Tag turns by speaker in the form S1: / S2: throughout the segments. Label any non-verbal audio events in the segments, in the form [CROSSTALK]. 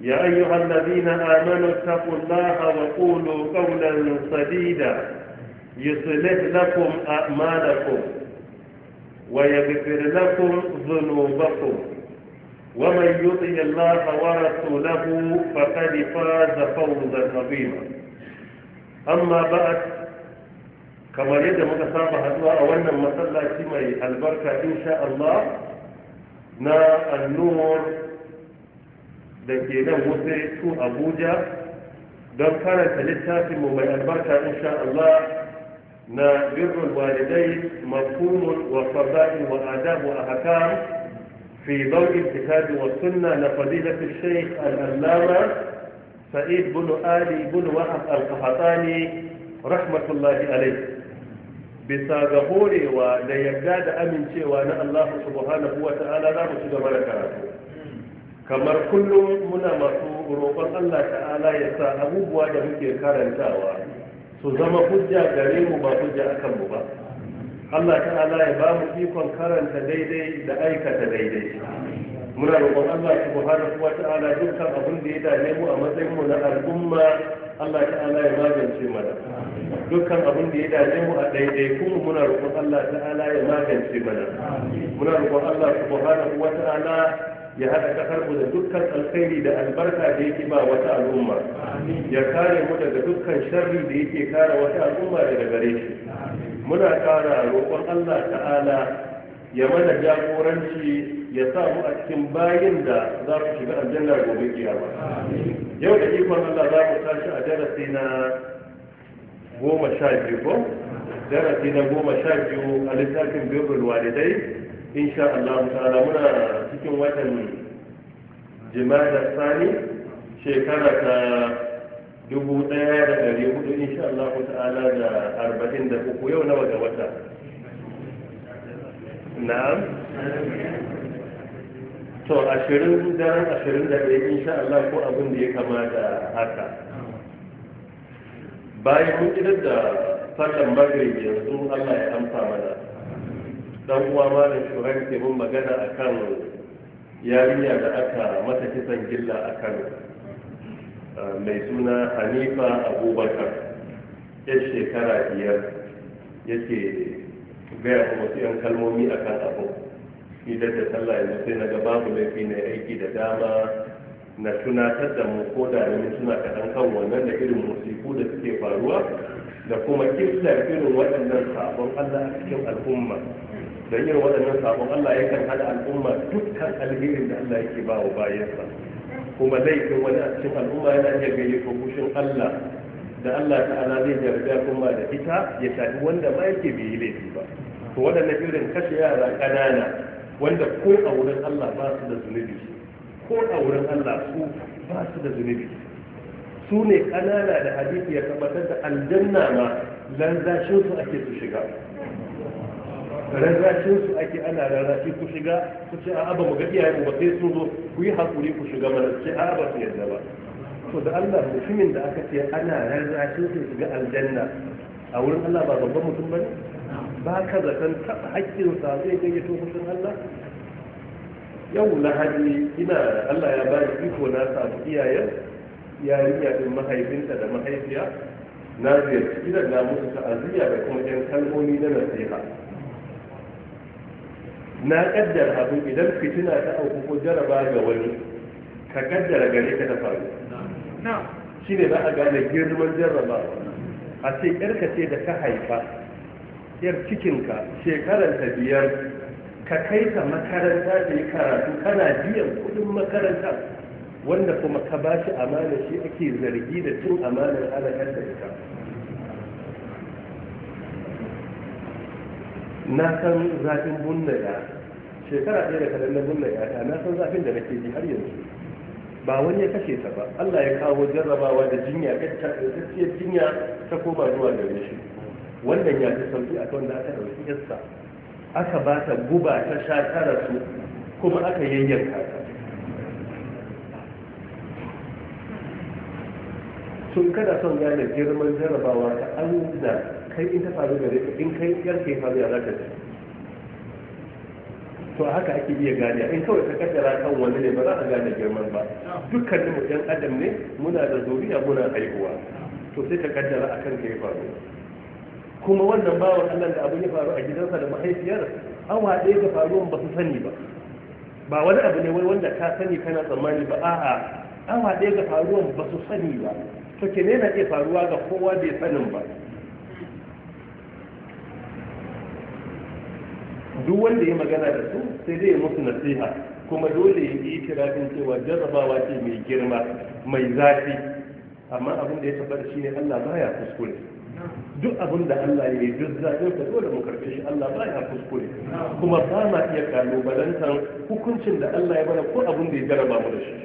S1: يا أيها الذين آمنوا اتقوا الله وقولوا قولا سديدا يصلح لكم أعمالكم ويغفر لكم ذنوبكم ومن يطع الله ورسوله فقد فاز فوزا عظيما أما بعد كما يد متصابة هذا أولا مسلا البركة إن شاء الله نا النور da ke nan wuce su abuja don karanta littafin mu mai albarka insha Allah na birnin walidai mafhumun wa wa adabu wa haka fi dawi kitabi wa sunna na fadilatu shaykh al sa'id bin ali bin wahab al-qahtani rahmatullahi alayhi bisa ga horewa da yarda da amincewa na Allah subhanahu wa ta'ala za mu ci gaba da karatu kamar kullum muna masu roƙon Allah ta'ala ya sa abubuwa da muke karantawa su zama hujja gare mu ba hujja akan mu ba Allah ta'ala ya ba mu ikon karanta daidai da aikata daidai muna roƙon Allah subhanahu wa ta'ala dukkan abin da ya dame mu a matsayin mu na al'umma Allah ta'ala ya magance mana dukkan abin da ya dace mu a daidai kuma muna roƙon Allah ta'ala ya magance mana muna roƙon Allah subhanahu wa ta'ala ya haɗa ƙasar mu da dukkan alkhairi da albarka da yake ba wata al'umma ya kare mu daga dukkan sharri da yake kare wata al'umma daga gare shi muna ƙara roƙon Allah ta'ala ya mana jagoranci ya sa mu a cikin bayin da za su shiga aljanna gobe kiyama yau da ikon Allah za mu tashi a darasi na goma sha biyu ko darasi na goma sha biyu a littafin bibul walidai sha Allah ta'ala muna cikin watan jima'a sani shekara ta dubu daya da dari hudu insha Allah ta'ala da arba'in da uku yau nawa ga wata na'am to ashirin daren ashirin da ɗaya insha Allah ko abin da ya kama da haka bayan mun idar da fatan magrib yanzu Allah ya amsa mana dan uwa malam shuhari ke mun magana akan yarinya da aka mata kisan gilla a kano ah, mai suna hanifa abubakar ya shekara biyar yake gaya kuma su yan kalmomi akan abu idan da sallah yanzu sai na ga babu laifi na aiki da dama na tunatar da mu ko da yanzu suna kaɗan kan wannan da irin musiku da suke faruwa da kuma kifta irin waɗannan sabon allah a cikin al'umma don yin waɗannan sabon Allah ya kan hada al'umma dukkan alherin da Allah yake ba wa bayansa kuma laifin wani a cikin al'umma yana iya gaye ko kushin Allah da Allah ta'ala zai jarga kuma da ita ya shafi wanda ma yake bai yi laifi ba to waɗannan irin kashe yara ƙanana wanda ko a wurin Allah ba su da zunubi ko a wurin Allah su ba su da zunubi su ne ƙanana da hadisi ya tabbatar da aljanna ma lanzashin ake su shiga
S2: rarrashin
S1: su ake ana rarrashi ku shiga ku ce a abu mu ga iyayen ba sai sun zo ku yi hakuri ku shiga mana ce a abu su yadda ba to da Allah mutumin da aka ce ana rarrashin su shiga aljanna a wurin Allah ba babban mutum bane ba ka zaton taɓa haƙƙin sa zai gayyato mutum Allah yau lahadi ina Allah ya bani iko na samu iyayen yarinya din mahaifinta da mahaifiya na ziyarci gidan na musu ta'aziyya da kuma 'yan kalmomi na nasiha na kaddara Habu idan fitina ta auku ko jaraba ga wani ka kaddara gare ka ta faru shi ne za a gane girman jarrabawa, a ce yarka ce da ka haifa yar cikinka shekarar ta biyar ka kai ta makaranta da yi karatu kana biyan kudin makaranta wanda kuma ka ba shi amana shi ake zargi da cin amanar halakar da ita na san zafin bunna ya shekara ɗaya da kadan na bunna ya na san zafin da nake ji har yanzu ba wani ya kashe ta ba Allah ya kawo jarrabawa da jinya gaskiyar jinya ta koma zuwa gare shi wannan ya fi sauki a kan da aka ɗauki yassa aka ba ta guba ta sha tara su kuma aka yayyanka ta sun kada son gane girman jarrabawa ta an da kai in ta faru gare ka in kai yarke ya faru ya za ka ji to haka ake iya gane in kawai ka kaddara kan wani ne ba za a gane girman ba dukkan mu ɗan adam ne muna da zuriya muna haihuwa to sai ka kaddara akan ka ya faru kuma wannan bawan Allah da abin ya faru a gidansa da mahaifiyar awa ɗaya ga faruwan ba su sani ba ba wani abu ne wai wanda ka sani kana tsammani ba a'a awa ɗaya ga faruwan ba su sani ba to ke ne na iya faruwa ga kowa bai sanin ba duk wanda ya magana da su sai zai musu nasiha kuma dole ya yi kirafin cewa jarrabawa ce mai girma mai zafi amma abin da ya tabbata shine Allah ya kuskure duk abin da Allah ya yi duk zafin ka dole mu karfe shi Allah ya kuskure kuma ba ma iya kalubalantar hukuncin da Allah ya bana ko abin da ya jarraba mu da shi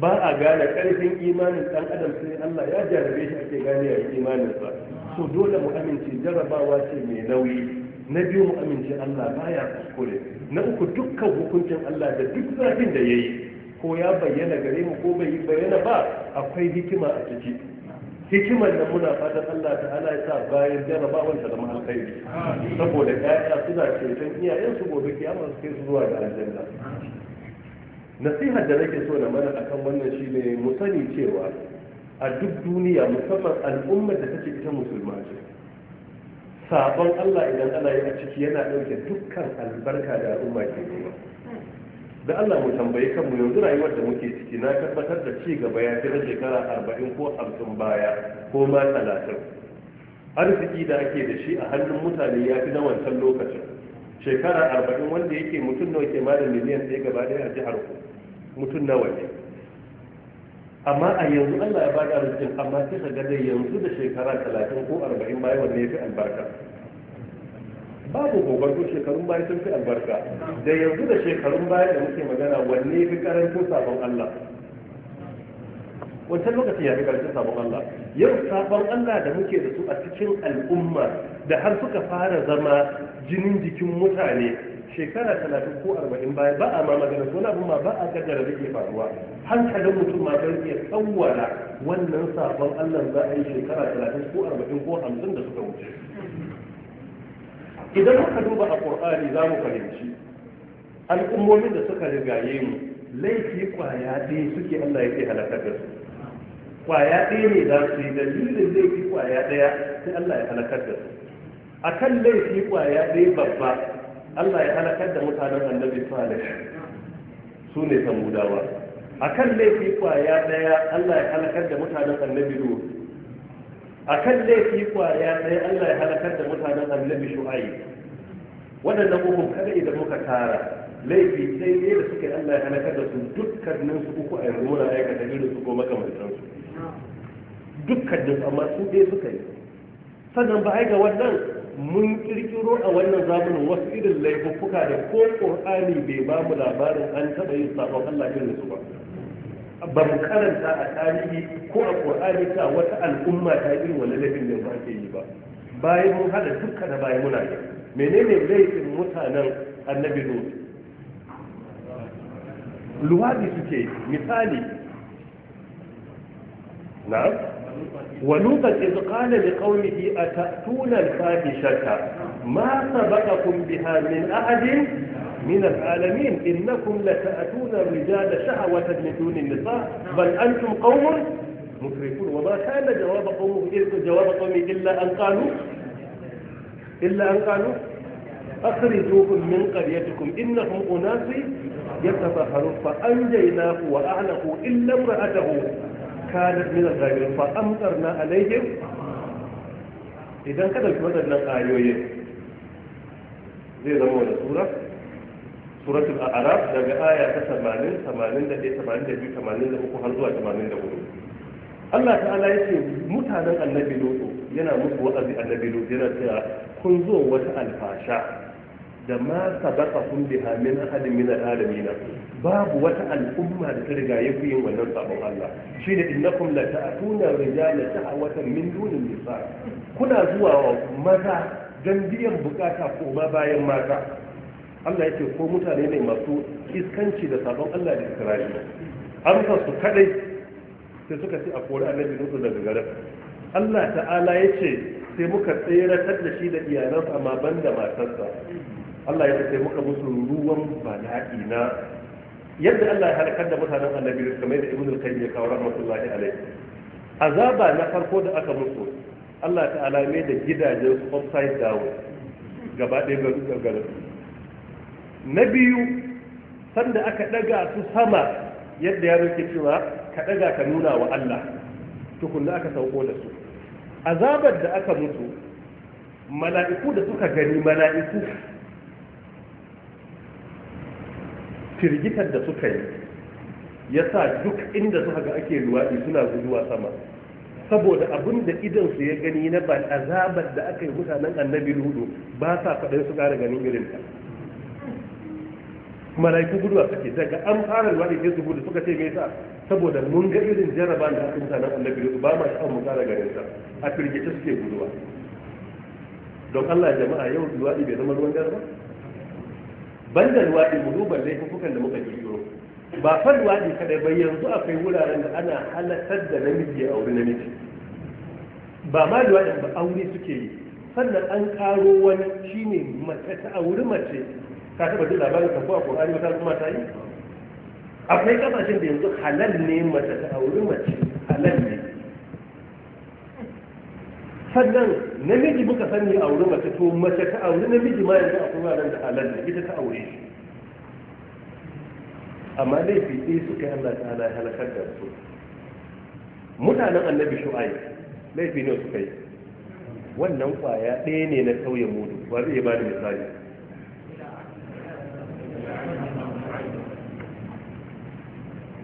S1: ba a gane karfin imanin dan adam sai Allah ya jarrabe shi ake gane ya imanin sa so dole mu amince jarrabawa ce mai nauyi na biyu mu amince Allah baya kuskure na uku dukkan hukuncin Allah da duk zafin da yayi ko ya bayyana gare mu ko bai bayyana ba akwai hikima a ciki hikimar da muna fatan Allah ta'ala ya sa bayan jarabawar ta zama alkhairi saboda 'ya'ya suna ceton iyayen su gobe kiyama su kai su zuwa da aljanna nasihar da nake so na mana akan wannan shine mu sani cewa a duk duniya musamman al'ummar da take ita musulma ce sabon Allah idan Allah ya ciki yana ɗauke dukkan albarka da al'umma ke goma. da Allah mu tambayi kanmu yanzu rayuwar da muke ciki na tabbatar da ci gaba ya fi na shekara arba'in ko hamsin baya ko ma talatin arziki da ake da shi a hannun mutane ya fi na wancan lokacin shekara arba'in wanda yake mutum nawa ke ma miliyan ɗaya gaba ɗaya a jihar ku mutum nawa ne amma a yanzu Allah ya bada arzikin amma sai ka gane yanzu da shekara talatin ko arba'in baya wanne ya fi albarka babu gobarko shekarun baya sun fi albarka da yanzu da shekarun baya da muke magana wanne fi karancin sabon Allah wancan lokaci ya fi karancin sabon Allah yau sabon Allah da muke da su a cikin al'umma da har suka fara zama jinin jikin mutane shekara talatin ko arba'in baya ba a ma magana ko na ma ba a kaddara da ke faruwa hankalin mutum ma zai iya tsawwala wannan sabon allah za a yi shekara talatin ko arba'in ko hamsin da suka wuce idan muka duba a ƙur'ani za mu fahimci al'ummomin da suka rigaye mu laifi kwaya ɗaya suke allah yake halakar da su kwaya ɗaya ne za su yi dalilin laifi kwaya ɗaya sai allah ya halakar da su a kan laifi kwaya ɗaya babba Allah ya halakar da mutanen annabi salih su ne tambudawa a kan laifi kwaya daya Allah ya halakar da mutanen annabi lut a kan laifi kwaya daya Allah ya halakar da mutanen annabi shu'aib waɗannan uku kada idan muka tara laifi sai ne da suke Allah ya halakar da su dukkanin su uku a yanzu muna aikata irin su ko makamantan su dukkanin amma su ɗaya suka yi sannan ba ga wannan mun kirkiro a wannan zamanin wasu irin laifuka da ko ƙur'ani bai ba mu labarin an taɓa yin sabon Allah irin su ba ba mu karanta a tarihi ko a ƙur'ani ta wata al'umma ta irin wani laifin da ba ke yi ba bayan mun hada duka da bayan muna yi menene laifin mutanen annabi Nuhu? luwadi suke misali نعم ولوطا إذ قال لقومه أتأتون الفاحشة ما سبقكم بها من أحد من العالمين إنكم لتأتون الرجال شهوة من دون النساء بل أنتم قوم مشركون وما كان جواب قومه جواب قومه إلا أن قالوا إلا أن قالوا أخرجوهم من قريتكم إنهم أناس يتفهرون فأنجيناه وأعلقوا إلا امرأته kanat min al zabir fa amtarna alayhim idan kada kuma dan ayoyi zai zama wani sura suratul a'raf daga aya ta 80 da 82 83 har zuwa 84 Allah ta'ala yake mutanen annabi lutu yana musu wa'azi annabi lutu yana cewa kun zo wata alfasha da ma sabaka kun biha min ahadin min alamin babu wata al'umma da ta riga yafi yin wannan sabon Allah shi da innakum la ta'tuna rijala ta'awatan min dunin nisa kuna zuwa wa maza dan biyan bukata ko ma bayan mata Allah yake ko mutane ne masu iskanci da sabon Allah da ikrashi amsa su kadai sai suka ce a kore annabi nusu daga garin Allah ta'ala yace sai muka tsere da shi da iyalansa amma banda matarsa Allah ya sai muka musu ruwan bala'i na yadda Allah ya halakar da mutanen annabi kamar da ibnu al-qayyim ya kawo rahmatullahi alaihi azaba na farko da aka musu Allah ta'ala alame da gidajen su upside down gaba ɗaya ga dukkan na biyu sanda aka daga su sama yadda ya ke cewa ka daga ka nuna wa Allah tukunna aka sauko da su azabar da aka mutu mala'iku da suka gani mala'iku firgitar da suka yi ya sa duk inda suka ga ake luwaɗi suna guduwa sama saboda abin da idansu ya gani na ba azabar da aka yi mutanen annabi hudu ba sa faɗin su ƙara ganin irin ta malaiku guduwa suke daga an fara luwaɗi sai su gudu suka ce me sa saboda mun ga irin jaraba da aka mutanen annabi hudu ba ma sha'awar mu ƙara ganin ta a firgice suke guduwa don Allah jama'a yau luwaɗi bai zama ruwan jaraba banda luwaɗi mu duba laifukan da muka kirkiro ba fa luwaɗi kadai ba yanzu akwai wuraren da ana halartar da namiji a auri namiji ba ma luwaɗin ba aure suke yi sannan an karo wani shine mace ta auri mace ka taɓa jin labarin ka ko a ƙorani ba ta kuma ta yi akwai kasashen da yanzu halal ne mace ta auri mace halal ne sannan namiji muka sani a wurin mace to mace ta aure namiji ma yanzu akwai nan da halal da ita ta aure shi amma laifi ɗaya suka kai Allah ta'ala ya halakar da su mutanen annabi shu'ai laifi ne suka yi wannan kwaya ɗaya ne na kauye mudu ba zai ba da misali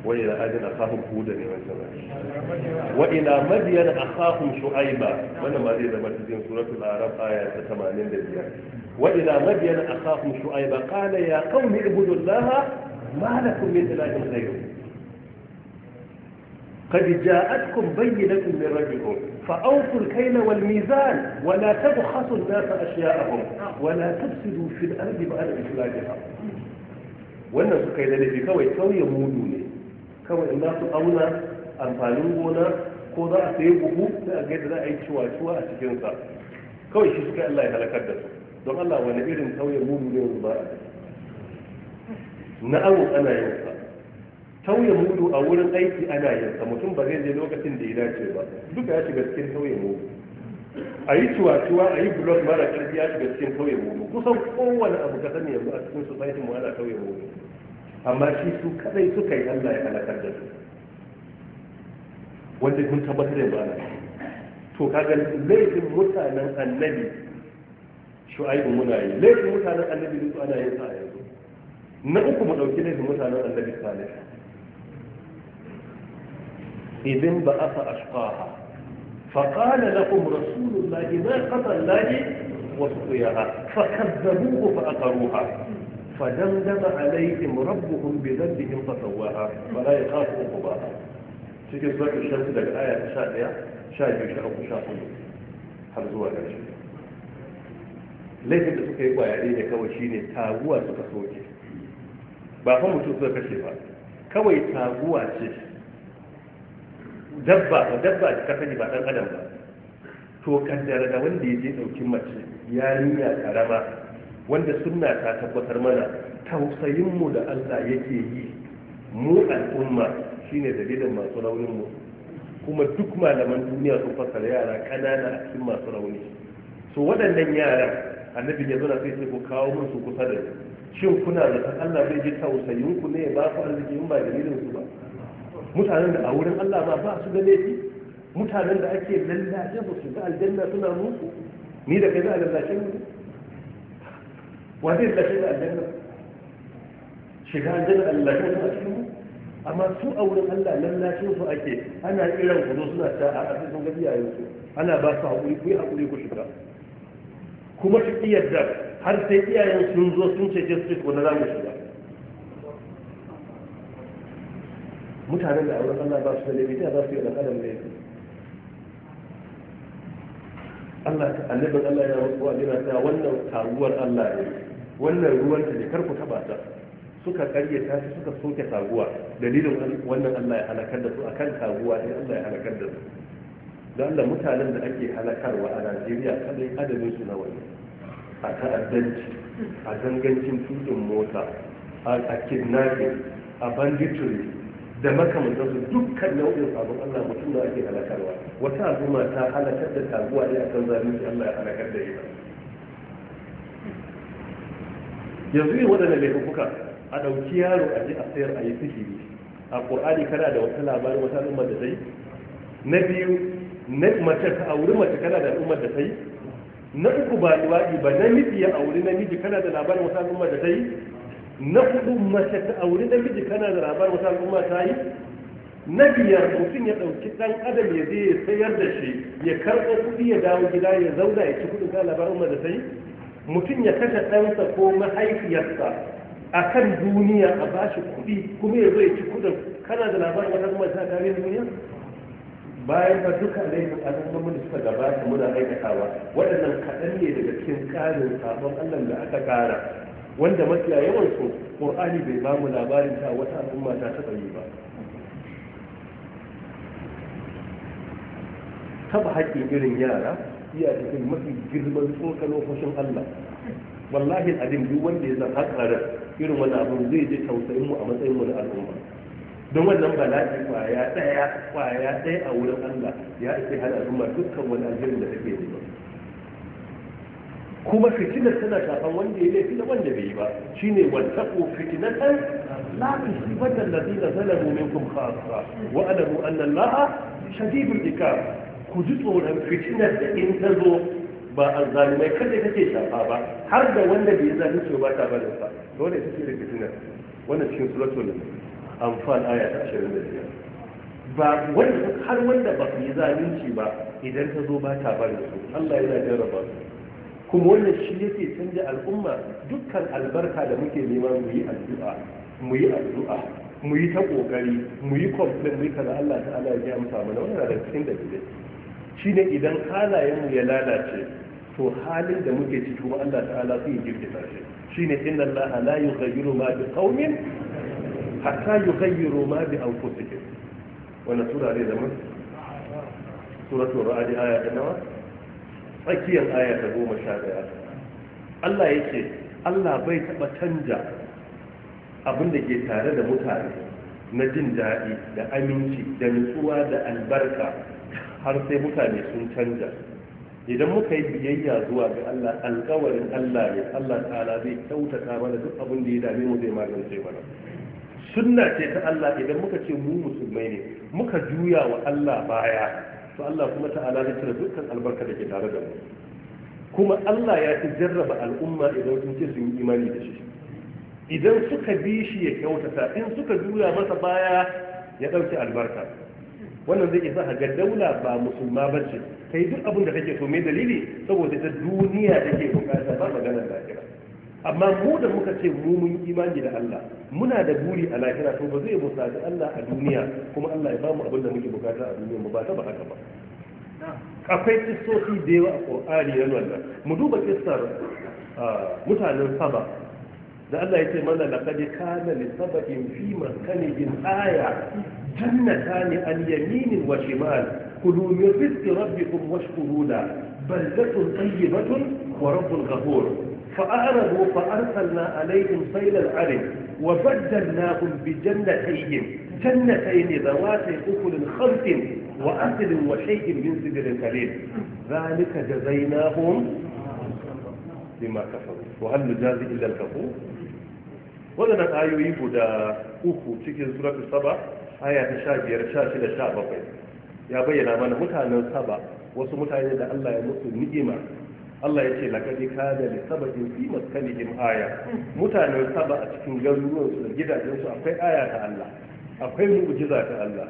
S1: وإلى آدن أخاهم هودا
S2: وإلى مدين
S1: أخاهم شعيبا وأنا ما زي ما تجين سورة الأعراف آية 80 وإلى مدين أخاهم شعيبا قال يا قوم اعبدوا الله ما لكم من إله غيره قد جاءتكم بينة من ربكم فأوفوا الكيل والميزان ولا تبخسوا الناس أشياءهم ولا تفسدوا في الأرض بعد إخلاقها وأن سكيل الذي كوي كوي kauye kawai in za su auna amfanin gona ko za a sayi buhu sai a gaida za a yi ciwa-ciwa a cikinsa kawai shi suka Allah ya halakar da su don Allah wani irin tauye mudu ne yanzu ba a na awo ana yin sa tauye mudu a wurin aiki ana yin sa mutum ba zai je lokacin da ya dace ba duka ya shiga cikin tauye mudu a yi ciwa-ciwa a yi blog mara karfi ya shiga cikin tauye mudu kusan kowane abu ka sani yanzu a cikin society mu ana tauye mudu amma shi su kadai suka yi Allah ya halakar da su wanda kun tabbatar da ba to kaga laifin mutanen annabi shu'aibu muna yi laifin mutanen annabi duk ana yin sa yanzu na uku mu dauki laifin mutanen annabi salih idin ba asa ashqaha فقال لهم رسول الله ما قضى الله وسقياها فكذبوه فأقروها فدمدم عليهم ربهم بذنبهم فسواها ولا يخاف عقباها cikin surat shamsu daga aya ta 11 sha 13 har zuwa ƙarshe laifin da suka yi kwaya ɗaya ne kawai shine taguwa suka soke ba fa mutum suka kashe ba kawai taguwa ce dabba ba dabba ce kasani ba ɗan adam ba to da wanda ya je ɗauki mace yarinya karama wanda sunna ta tabbatar mana
S2: tausayinmu
S1: da Allah yake yi mu al'umma shine dalilin masu rauninmu. mu kuma duk malaman duniya sun fassara yara kanana a cikin masu rauni so waɗannan yaran annabi ya zuna sai sai ku kawo mun su kusa da shin kuna da san Allah zai ji tausayin ku ne ba ku arziki in ba dalilin su ba mutanen da a wurin Allah ba ba su da laifi mutanen da ake lallace ba su ga aljanna suna muku ni da kai za a lallace mu wani lashe da aljanna shiga aljanna lashe da cikin amma su a wurin Allah lallashin su ake ana kiran ku zo suna ta a cikin sun gaji yayin su ana ba su haƙuri ku yi haƙuri ku shiga kuma su iya yadda har sai iyayen sun zo sun ce ce su na za mu shiga mutanen da a wurin Allah ba su da laifi ba su yi da adam laifi Allah annabin Allah yana wasu wa ta wannan taruwar Allah ne wannan ruwan ta ne karku taba ta suka karye ta suka soke taguwa dalilin wannan Allah ya halakar da su akan taguwa ne Allah ya halakar da su dan Allah mutanen da ake halakarwa a Najeriya kadai adadin su nawa ne a ta'addanci a dangancin tudun mota a kidnapping a banditry da makamantar su dukkan nau'in sabon Allah mutum da ake halakarwa wata al'umma ta halakar da taguwa ne akan zalunci Allah ya halakar da ita yanzu yin waɗanda laifuka a ɗauki yaro a ji a sayar a yi sihiri a ƙur'ani kana da wata labarin wata al'ummar da sai na biyu na mace ta auri mace kana da al'ummar da sai na uku ba liwaɗi ba namiji ya auri namiji kana da labarin wata al'ummar da sai na hudu mace ta auri namiji kana da labarin wata al'ummar ta yi na biyar mutum ya ɗauki ɗan adam ya je ya sayar da shi ya karɓo kuɗi ya dawo gida ya zauna ya ci kuɗin ka labarin umar da sai mutum ya kashe ɗansa ko mahaifiyarsa a kan duniya a ba shi kuɗi kuma ya zai ci kuɗin kana da labarin wata kuma ta kare duniya bayan ba duka laifin al'ummomin da suka gabata muna aikatawa waɗannan kaɗan ne daga cikin ƙarin sabon allah da aka ƙara wanda mafiya yawan su ƙur'ani bai ba mu labarin ta wata al'umma ta taɓa yi ba taɓa haƙƙin irin yara iya cikin mafi girman tsokano fushin Allah wallahi alim duk wanda ya zan hakarar irin wani abu zai je tausayin mu a matsayin mu na al'umma don wannan bala'i kwaya daya kwaya daya a wurin Allah ya ce hana al'umma dukkan wani alherin da take nema kuma fitinar tana shafan wanda ya laifi da wanda bai yi ba shine wattaqu fitnatan la tusibanna alladhina zalamu minkum khassa wa alamu anna allaha shadidul iqab ku ji tsoron fitinar da in ta zo ba a zalimai kada take shafa ba har da wanda bai zalunci ba ta barin ba dole ta ce da fitinar wannan cikin suratul anfal aya ta ashirin da biyar ba wanda har wanda ba yi zalunci ba idan ta zo ba ta barin su Allah yana jarraba su kuma wannan shi yake canja al'umma dukkan albarka da muke nema mu yi addu'a mu yi addu'a mu yi ta kokari mu yi complain mu yi kaza Allah ta'ala ya ji amsa mana wannan da cikin da Shi ne idan halayenmu ya lalace to halin da muke ciki kuma Allah ta'ala yi ya jirkita shi ne inna Allah la yughayyiru ma bi qaumin hatta yughayyiru ma bi anfusihim Wani sura ne da mun suratul ra'd aya ta nawa tsakiyar aya ta 11 Allah ce Allah bai taɓa canja abin da ke tare da mutane na jin daɗi da aminci da nutsuwa da albarka har sai mutane sun canja idan muka yi biyayya zuwa ga Allah alƙawarin Allah ne Allah ta'ala zai kyautata mana duk abin da ya dame mu zai magance mana sunna ce ta Allah idan muka ce mu musulmai ne muka juya wa Allah baya to Allah kuma ta'ala zai cire dukkan albarka da ke tare da mu kuma Allah ya fi jarraba al'umma idan sun ce sun yi imani da shi idan suka bi shi ya kyautata in suka juya masa baya ya ɗauki albarka wannan zai isa ga daula ba musulma ba ce ta yi duk abin da take so mai dalili saboda ta duniya take bukata ba maganar lahira amma mu da muka ce mu mun imani da Allah muna da buri a lahira to ba zai bukaci Allah a duniya kuma Allah ya bamu abin da muke bukata a duniya mu ba ta ba haka ba akwai kissosi da yawa a Qur'ani na mu duba kissar ah, mutanen Saba da Allah ya ce mana laqad kana li sabatin fi maskanihim aya jannatani an yaminin wa shimal kulu min rizqi rabbikum washkuru la baldatun tayyibatun wa rabbun ghafur فأعرضوا فأرسلنا عليهم سيل العرم وبدلناهم بجنتين جنتين ذواتي أكل خلط وأكل وشيء من سدر قليل ذلك جزيناهم بما كفروا وهل نجازي إلا الكفور waɗannan ayoyi guda uku cikin suratu saba aya ta sha biyar sha shida sha bakwai ya bayyana mana mutanen saba wasu mutane da Allah ya musu ni'ima Allah ya ce laƙaɗi kada da in fi in aya mutanen saba a cikin garuruwansu da gidajensu akwai aya ta Allah akwai mu'jiza ta Allah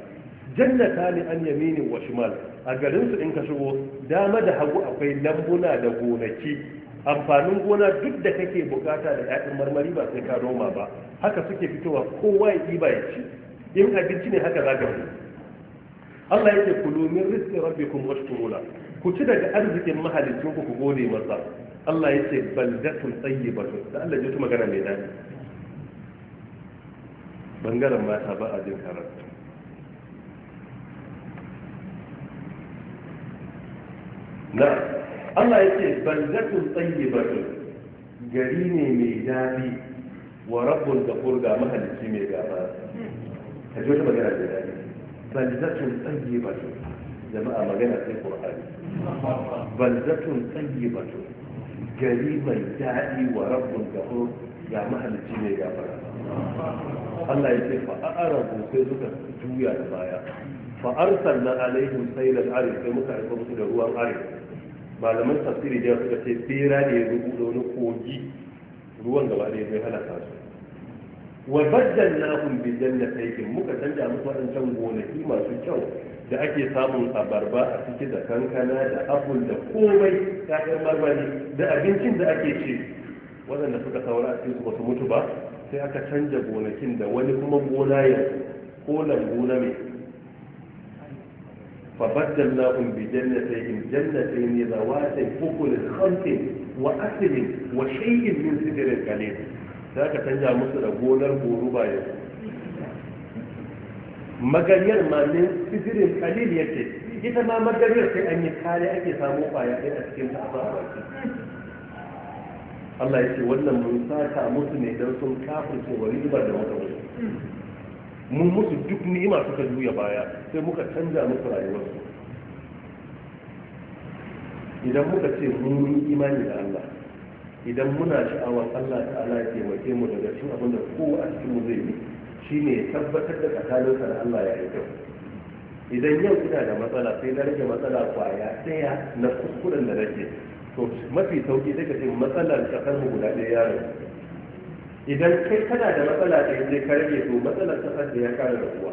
S1: jannata ne an yamini wa shimal a garinsu in ka shigo dama da hagu akwai lambuna da gonaki amfanin gona duk da kake bukata da 'ya'yan marmari ba sai ka noma ba haka suke fitowa kowa ya ɗiba ya ci in abinci ne haka zaka fi Allah yake kulu min rizqi rabbikum washkurula ku ci daga arzikin mahalicin ku ku gode masa Allah yake baldatun tayyibatun da Allah ya ji magana mai daɗi bangaren mata ba a jin karatu na Allah ya ce baldatun tsayyibatun gari ne mai daɗi wa rabbun gafur ga mahalicci mai gaba ka ji wata magana mai daɗi baldatun tsayyibatun jama'a magana sai qur'ani baldatun tsayyibatun gari mai daɗi wa rabbun gafur ga mahalicci mai gaba Allah ya ce fa'arabu sai suka juya da baya fa'arsalna sai sailal arif sai muka aika musu da ruwan arif malaman tafsiri da suka ce tsira da ya rubuta wani kogi ruwan gaba da ya zai halaka su wa bajjan na kun bijan da taikin muka canja musu waɗancan gonaki masu kyau da ake samun abarba a ciki da kankana da abun da komai kayan marmari da abincin da ake ce waɗanda suka saura a cikin su basu mutu ba sai aka canja gonakin da wani kuma gona ya ko lambu na mai فبدلناهم بجنتين جنتين ذوات اكل خلق واكل وشيء من سدر قليل ذاك تنجا musu da gonar goruba ya ما ma min sidirin kalil ita ma magariyar sai an yi kare ake samu kwaya a cikin ta Allah ya ce wannan mun saka musu ne don sun kafin wa ribar da wata
S2: wuce
S1: mun musu duk ni'ima suka juya baya sai muka canza musu rayuwarsu idan muka ce mun yi imani da Allah idan muna sha'awar Allah ta'ala ya taimake mu daga cikin abin da kowa a cikin mu zai yi shine ya tabbatar da tsakaninsa da Allah ya yi kyau idan yau ina da matsala sai na rage matsala kwaya daya na kuskuren da nake to mafi sauki daga ce matsalar tsakanin guda ɗaya yaro idan kai kana da matsala da yanzu ka rage to matsalar ta sanda ya kare rabuwa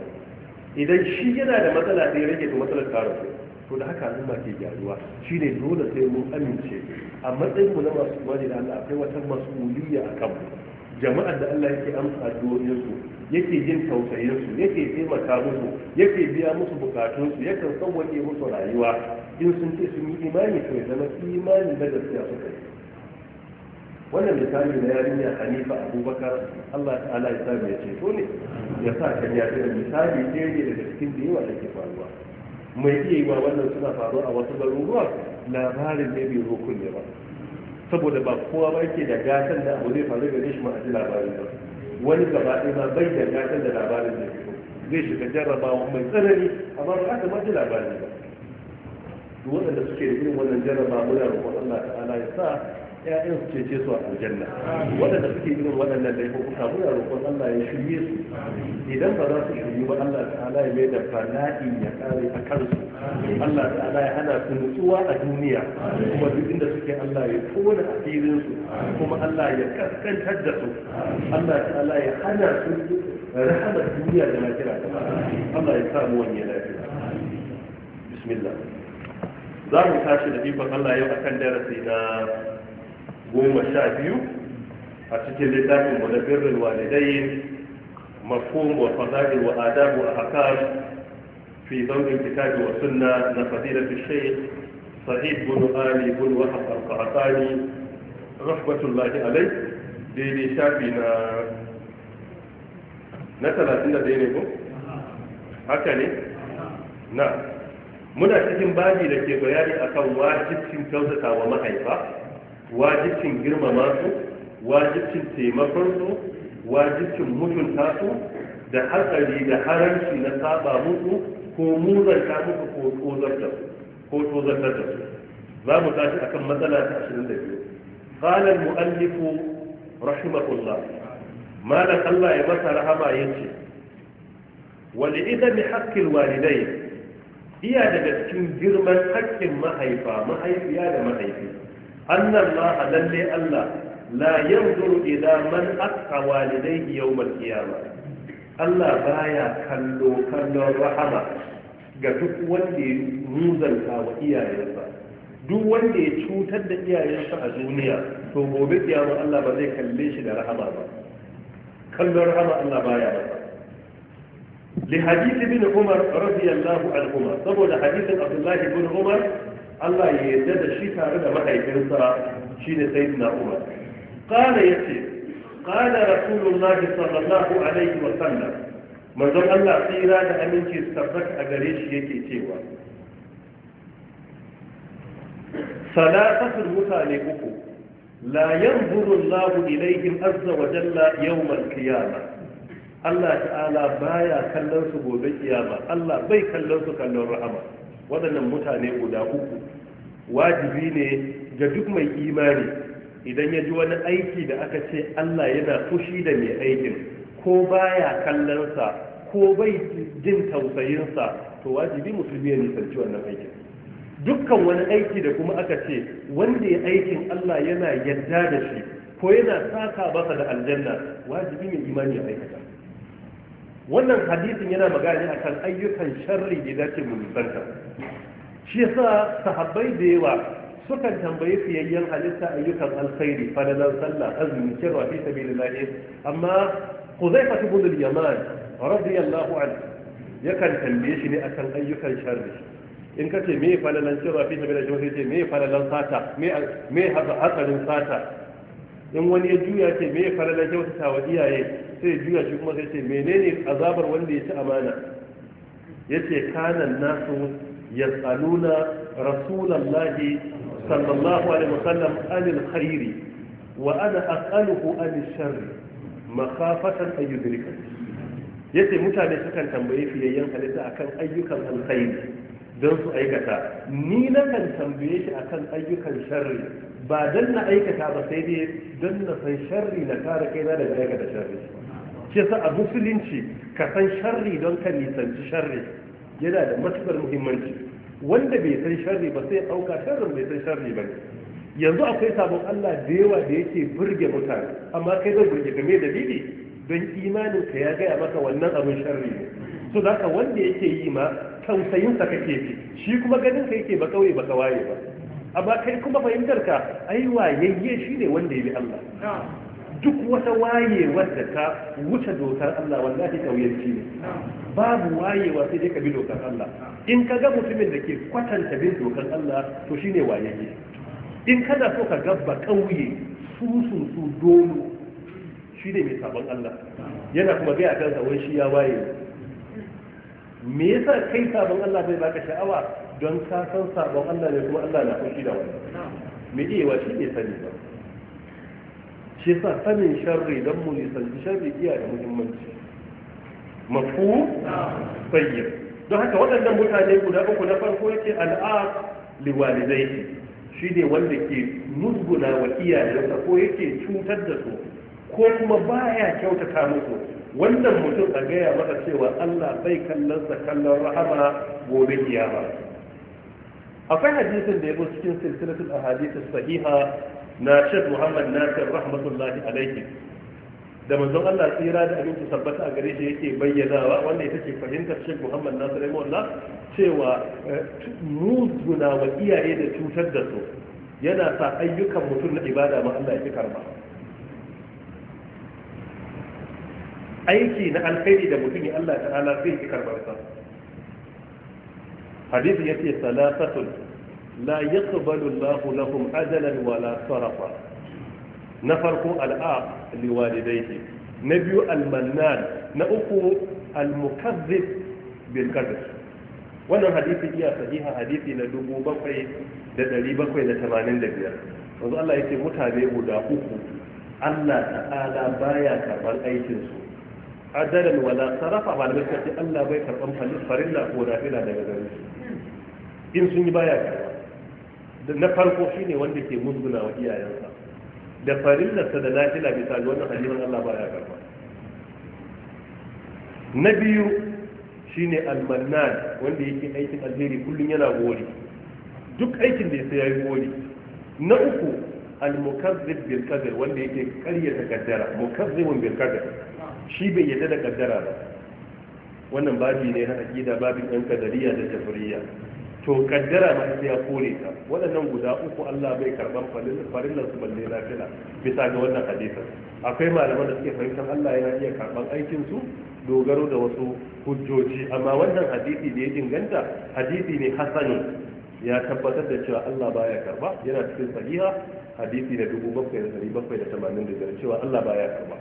S1: idan shi yana da matsala da ya rage to matsalar ta rage to da haka al'umma ke gyaruwa shine dole sai mun amince a matsayin mu na masu imani da Allah akwai wata mas'uliyya a kanmu jama'ar da Allah yake amsa addu'o'in su yake yin tausayin su yake taimaka musu yake biya musu bukatun su yakan sauwaƙe musu rayuwa in sun ce sun yi imani to ya zama imani na gaskiya suka yi wannan misali na yarinya halifa abubakar allah ta'ala ya sami ya ceto ne ya sa kan ya da misali ɗaya ne daga cikin da yawa da ke faruwa mai iya yi wa wannan suna faruwa a wasu garuruwa labarin ne bai zo ne ba saboda ba kowa ba ke da gatan da abu zai faru gare shi ma a ji labarin ba wani gaba ɗaya ma bai da gatan da labarin zai fito zai shiga jarrabawa mai tsanani a ba aka ma ji labarin ba waɗanda suke da irin wannan jarraba muna roƙon Allah ta'ala ya sa ya'yan su cece su a aljanna waɗanda suke irin waɗannan da ya kuka ya roƙon Allah ya shirye su idan ba za su shirye ba Allah ta'ala ya mai da fana'i ya ƙare a kansu Allah ta'ala ya hana su mutuwa a duniya kuma duk inda suke Allah ya tona a su kuma Allah ya kaskantar da su Allah ta'ala ya hana su rahama duniya da lafiya Allah ya samu wani lafiya bismillah za mu tashi da ikon Allah yau kan darasi na قوم الشعبيو أتكي لذلك المدبر الوالدين مفهوم وفضائل وآداب وأحكام في ضمن الكتاب والسنة لفضيلة الشيخ صحيح بن آلي بن وحق القعطاني رحمة الله عليه ديني شعبنا نتلا سنة دينيكو هكذا نعم muna cikin babi da ke bayani akan wajibcin kyautata wa wajibcin girmama su wajibcin taimakon su wajibcin mutunta su da hatsari da haranci na saba musu ko muzanta muku ko tozartar da su za mu tashi akan matsala ta 22 qala al-mu'allif rahimahullah malan Allah ya masa rahama yace wal idami haqqil walidayn iya daga cikin girman haƙƙin mahaifa mahaifiya da mahaifi annan ma a lalle Allah la yanzuru ila man asqa walidayhi yawm al-qiyamah Allah baya kallo kallon rahama ga duk wanda ya muzanta wa iyayensa duk wanda ya cutar da iyayensa a duniya to gobe kiyama Allah ba zai kalle shi da rahama ba kallon rahama Allah baya masa li hadith ibn Umar radiyallahu anhu saboda hadithin Abdullah ibn Umar Allah ya yarda da shi tare da mahaifinsa shine sayyidina Umar kana yace kana rasulullahi sallallahu alaihi wa sallam manzon Allah tsira da aminci tabbata a gare shi yake cewa salatatul mutane uku la yanzuru Allahu ilaihim azza wa jalla yawmal qiyamah Allah ta'ala baya kallon su gobe kiyama Allah bai kallon su kallon rahama waɗannan mutane guda uku wajibi ne ga duk mai imani idan ya ji wani aiki da aka ce Allah yana fushi da mai aikin ko baya kallonsa ko bai jin tausayinsa to wajibi musulmi ya nisanci wannan aikin dukkan wani aiki da kuma aka ce wanda ya aikin Allah yana yadda da shi ko yana saka basa da aljanna wajibi mai imani ya aikata wannan hadisin yana magana a kan ayyukan sharri da dace mu nisanta shi yasa sahabbai da yawa sukan tambayi fiyayyen halitta ayyukan alkhairi fadalan sallah azumi kirwa fi sabilillahi amma Huzaifa ibn al-Yaman radiyallahu anhu yakan tambaye shi ne akan ayyukan sharri in ka ce me fadalan kirwa fi sabilillah sai ce me fadalan sata me me hatsarin sata in wani ya juya ce me fadalan kyautata wa iyaye sai juya shi kuma sai ce menene azabar wanda ya ci amana yace kanan nasu yas'aluna rasulallahi sallallahu alaihi wasallam anil khairi wa ana as'aluhu anil sharri makhafatan an Ya yace mutane sukan tambaye fiyayyen halitta akan ayyukan alkhairi don su aikata ni na kan tambaye shi akan ayyukan sharri ba don na aikata ba sai dai don na san sharri na kare kaina daga aikata sharri shi sa a musulunci ka san sharri don ka nisanci sharri yana da matukar muhimmanci wanda bai san sharri ba sai ɗauka sharrin bai san sharri ba yanzu akwai sabon Allah da yawa da yake burge mutane amma kai zai burge game da dalili don imanin ka ya gaya maka wannan abin sharri ne so zaka wanda yake yi ma tausayinsa kake ji shi kuma ganin ka yake ba kauye ba ka waye ba amma kai kuma fahimtar ka ai wayayye ne wanda ya bi Allah duk wata wayewar da ta wuce dokar Allah wallahi kauyanci ne babu wayewa sai dai ka bi dokar Allah in ka ga mutumin da ke kwatanta bin dokar Allah to shine ne. in kana so ka gabba kauye susun su dolo shi ne mai sabon Allah yana kuma gaya kansa wai shi ya waye me yasa kai sabon Allah bai baka sha'awa don ka san sabon Allah ne kuma Allah na fushi da wani me iya wa shi ne sani ba shi sa sanin sharri don mu nisanci sharri iya da muhimmanci mafu sayyar don haka waɗannan mutane guda uku na farko yake al'ad liwalidai shi ne wanda ke musguna wa iyayensa ko yake cutar da su ko kuma baya kyautata musu wannan mutum a gaya masa cewa Allah bai kallon sa kallon rahama gobe kiyama akwai hadisin da ya zo cikin silsilatul ahadith sahiha na shek muhammad nasir rahmatullahi alaihi da manzon Allah tsira da abin sabbata a gare shi yake bayyanawa wanda ita ce fahimtar shek muhammad nasir Allah cewa eh, muzguna wa iyaye da cutar da su yana sa ayyukan mutum na ibada ma Allah ya karba aiki na alkhairi da mutum ya Allah ta'ala zai ki karbar sa hadisi yace salatatun la yaqbalu Allahu lahum adalan wala sarafa na farko al'a liwalidayhi na biyu almannan na uku almukazzib bil kadr wannan hadisi iya sahiha hadisi na 7785 wanzu Allah yake mutane guda uku Allah ta'ala baya karɓar aikin su adalan wala sarafa malamai kace Allah bai karɓar farilla ko nafila daga gare su in sun yi baya na farko shine wanda ke musguna wa iyayensa da farillarsa da nafila bisa ga wannan hadisin Allah baya karba na biyu shine almannan wanda yake aikin alheri kullum yana gori duk aikin da sai yayi gori na uku almukazzib bil qadar wanda yake karyata kaddara mukazzibun bil qadar shi bai yadda da kaddara ba wannan babi ne na aqida babin yan kadariya da tafriya to kaddara ma sai ya kore ta waɗannan guda uku Allah bai karban farillar su balle lafiya bisa ga wannan hadisin akwai malaman da suke fahimtar Allah yana iya karban aikin su dogaro da wasu hujjoji amma wannan hadisi da ya inganta hadisi ne hasanin ya tabbatar da cewa Allah baya karba yana cikin sahiha hadisi na 7785 cewa Allah baya karba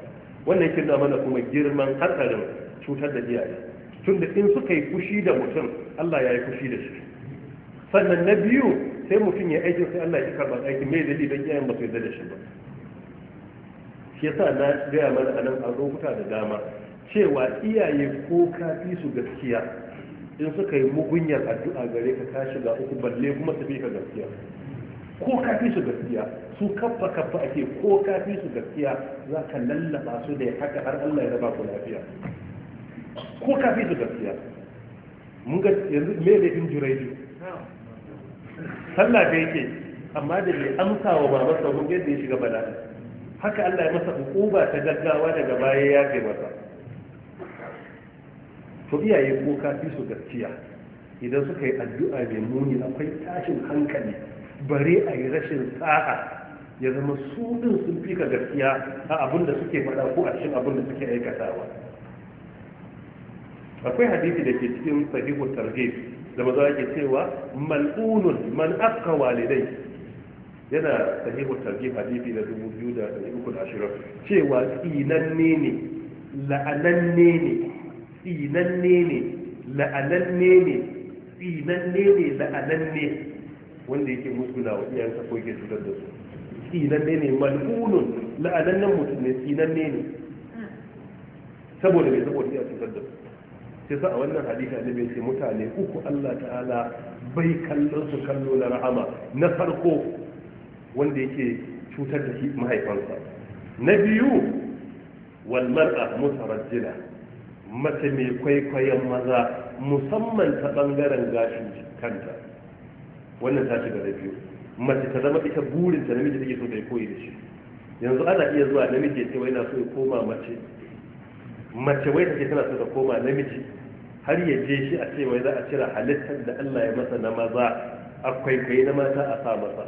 S1: wannan kirna mana kuma girman hatsarin cutar da iyaye tunda in suka yi fushi da mutum Allah ya yi fushi da shi sannan na biyu sai mutum ya aikin sai Allah ya karɓar aiki mai dalili don iyayen ba su yi shi ba shi yasa na gaya mana a nan a lokuta da dama cewa iyaye ko ka fi su gaskiya in suka yi mugunyar addu'a gare ka ka shiga uku balle kuma su fi ka gaskiya ko ka fi su gaskiya su kaffa kaffa ake ko ka fi su gaskiya za ka lallaba su da haka har Allah ya raba ku lafiya ko ka fi su gaskiya mun ga yanzu me laifin juraiju sallah da yake amma da bai amsa wa baba sabon yadda ya shiga bala haka Allah ya masa hukuma ta gaggawa daga baya ya kai masa to iyaye ko kafi su gaskiya idan suka yi addu'a mai muni akwai tashin hankali bare a yi rashin sa'a ya zama su din sun fi ka gaskiya a abin da suke faɗa ko a cikin abin da suke aikatawa akwai hadisi da ke cikin sahihu targhib da maza yake cewa mal'unun man akka walidai yana sahihu tarjih hadisi na 2320 cewa tsinanne ne la'ananne ne tsinanne ne la'ananne ne tsinanne ne la'ananne wanda yake musguna wa iyayensa ko yake cutar da su tsinanne ne mal'unun la'anannen mutum ne tsinanne ne hmm. saboda mai saboda iya cutar da su sai sa a wannan hadisi annabi ce mutane uku Allah ta'ala bai kallon su kallo na rahama na farko wanda yake cutar da mahaifansa na biyu wal mar'a mutarajjila mace mai kwaikwayon maza musamman ta bangaren gashin kanta wannan ta shiga da biyu mace ta zama ita burin ta namiji take so ta koyi da shi yanzu ana iya zuwa namiji ya ce wai na so ya koma mace mace wai take tana so ta koma namiji har ya je shi a ce wai za a cire halittar da Allah ya masa na maza akwai kai na mata a sa masa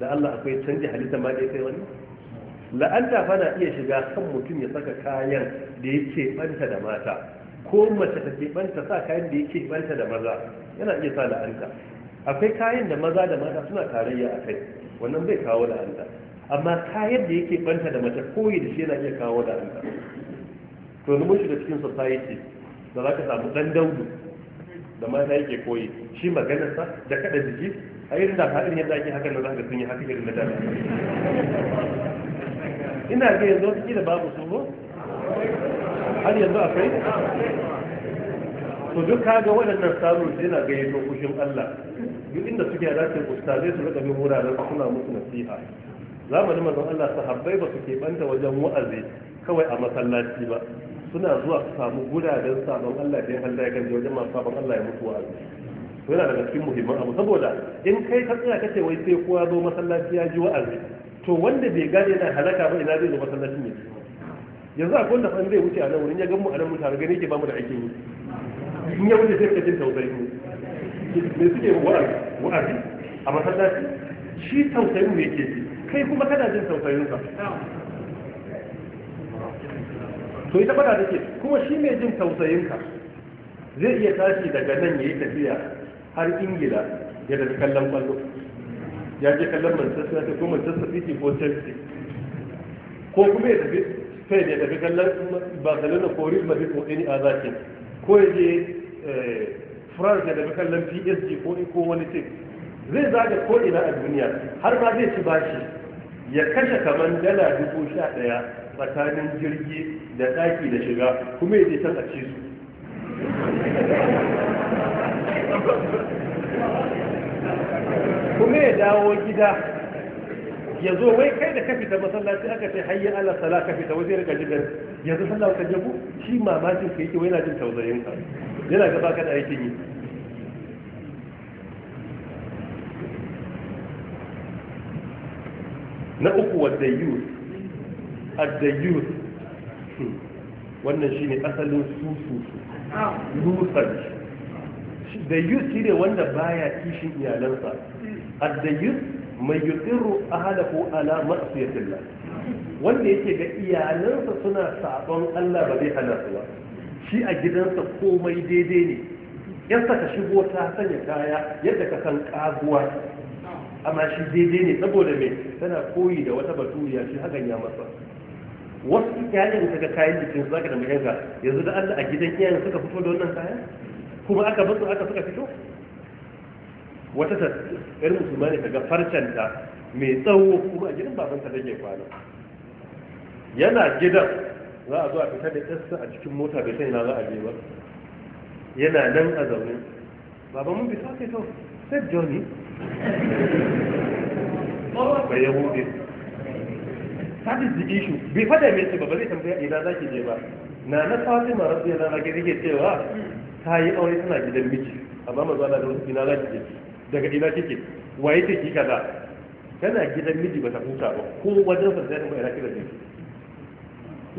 S1: da Allah akwai canji halittar ma ya kai wani la'anta fa na iya shiga kan mutum ya saka kayan da ya keɓanta da mata ko mace ta banta sa kayan da ya keɓanta da maza yana iya sa la'anta akwai kayan da maza da mata suna tarayya a kai wannan bai kawo la'anta amma kayan da ya keɓanta da mace koyi da shi yana iya kawo la'anta to numushi da cikin society da za ka samu dan daudu da mata yake koyi shi maganarsa da kada jiki a irin da haɗin yadda ake hakan na za ka sun yi haka irin na dama ina ga yanzu wata da babu ho har yanzu akwai to duk kaga waɗannan samun yana gayyato kushin Allah duk inda suke a dace zai su rika bin wuraren suna musu nasiha zamanin manzon Allah sahabbai ba su ke banta wajen wa'azi kawai a masallaci ba suna zuwa su samu guraren sabon Allah da ya Allah ya gaji wajen masu sabon Allah ya mutu a to yana daga cikin muhimman abu saboda in kai ka tsaya kace wai sai kowa zo masallaci ya ji wa'azi to wanda bai gane yana halaka ba ina zai zo masallacin ya yanzu a wanda fa zai wuce a nan wurin ya gan mu a nan mutane gani yake ba mu da aikin yi in ya wuce sai ka jin tausayi
S2: me
S1: suke wa'azi wa'azi a masallaci shi tausayin mu yake kai kuma kana jin tausayin sa to ita fada take kuma shi mai jin tausayinka zai iya tashi daga nan ya yi tafiya har ingila ya da kallon ballo ya je kallon manchester ko manchester city ko chelsea ko kuma ya tafi spain ya tafi kallon barcelona ko real madrid ko any other team ko ya je eh, france ya tafi kallon psg ko ko wani team zai zaga ko ina a duniya har ma zai ci bashi ya kashe kamar dala dubu sha daya tsakanin jirgi da ɗaki da shiga kuma ya je can a ci su kuma ya dawo gida ya zo wai kai da ka masallaci aka ce hayyin ala sala ka fita wajen rika jigar yanzu sallah ka jabu shi mamakin ka yake wai yana jin tausayinka. ka yana gaba baka da aikin yi na uku wadda yiwu addayyus wannan shine asalin susu lusar shi ne wanda baya kishin iyalansa addayyus mai yutsiru ahalahu ala ma'siyatillah wanda yake ga iyalansa suna sabon Allah ba zai hana su ba shi a gidansa komai daidai ne yadda ka shigo ta sanya kaya yadda ka san kaguwa amma shi daidai ne saboda mai tana koyi da wata baturiya shi hakan ya masa wasu iyayen ka ga kayan jikin su zaka da mai yanga yanzu da Allah a gidan iyayen suka fito da wannan kayan kuma aka bar su aka suka fito wata ta yar musulma ne daga farcen ta mai tsawo kuma a gidan baban ta take kwana yana gidan za a zo a fita da ɗansa a cikin mota bai sai na za a je ba yana nan a zaune baban mun fita kai to sai Johnny [LAUGHS] ya bude. that is the bai fada mai ce ba zai tambaya ina zaki je ba na na fatima rabbi na na rike cewa ta yi aure tana gidan miji amma mazu ana da wasu ina zaki je daga ina kike waye ce ki kaza Kana gidan miji ba ta huta ba ko wajen sa zai mai da ne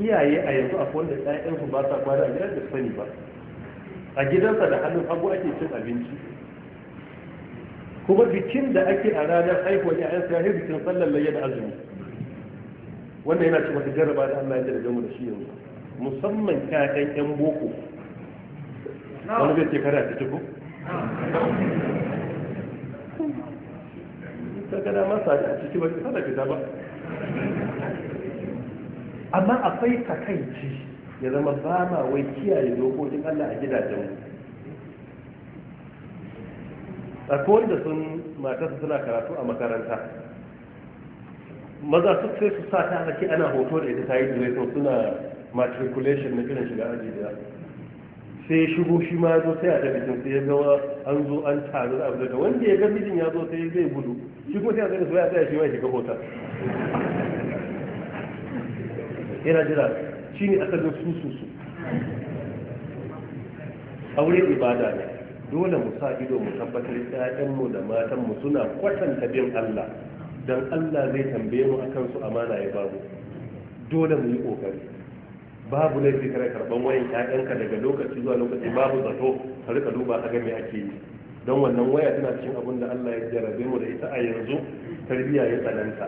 S1: iyaye a yanzu akwai wanda ɗayan su ba sa kwana a gidan da sani ba a gidansa da hannun hagu ake cin abinci kuma bikin da ake a ranar haihuwa ya yi bikin sallar layyar da azumi wannan yana cewa da jarraba da Allah ya jarrabe mu da shi yanzu musamman kayan yan boko wani zai ce kada ta ciko ta gada masa a ciki ba ta da fita ba amma akwai takaici ya zama ba ma wai kiyaye dokokin Allah a gidajen a wanda sun matarsa suna karatu a makaranta maza su sai su sa ta ake ana hoto da ita ta yi direto suna matriculation na kiran shiga aji da sai shigo shi ma ya zo sai a ta sai ya gawa an zo an taru da abu da wanda ya ga mijin ya zo sai zai gudu shi kuma sai a zai su ya tsaya shi ma shiga hota
S2: yana jira shi ne
S1: su su su.
S2: aure ibada
S1: ne dole mu sa ido mu tabbatar ƴaƴanmu da matanmu suna kwatanta bin Allah don allah zai tambaye mu akan su amana ya babu dole mu yi kokari babu laifi kana karban wayan ƴaƴanka daga lokaci zuwa lokaci babu zato ka rika duba a ga me ake yi don wannan waya tana cikin abin da Allah ya jarabe mu da ita a yanzu tarbiyya ya tsananta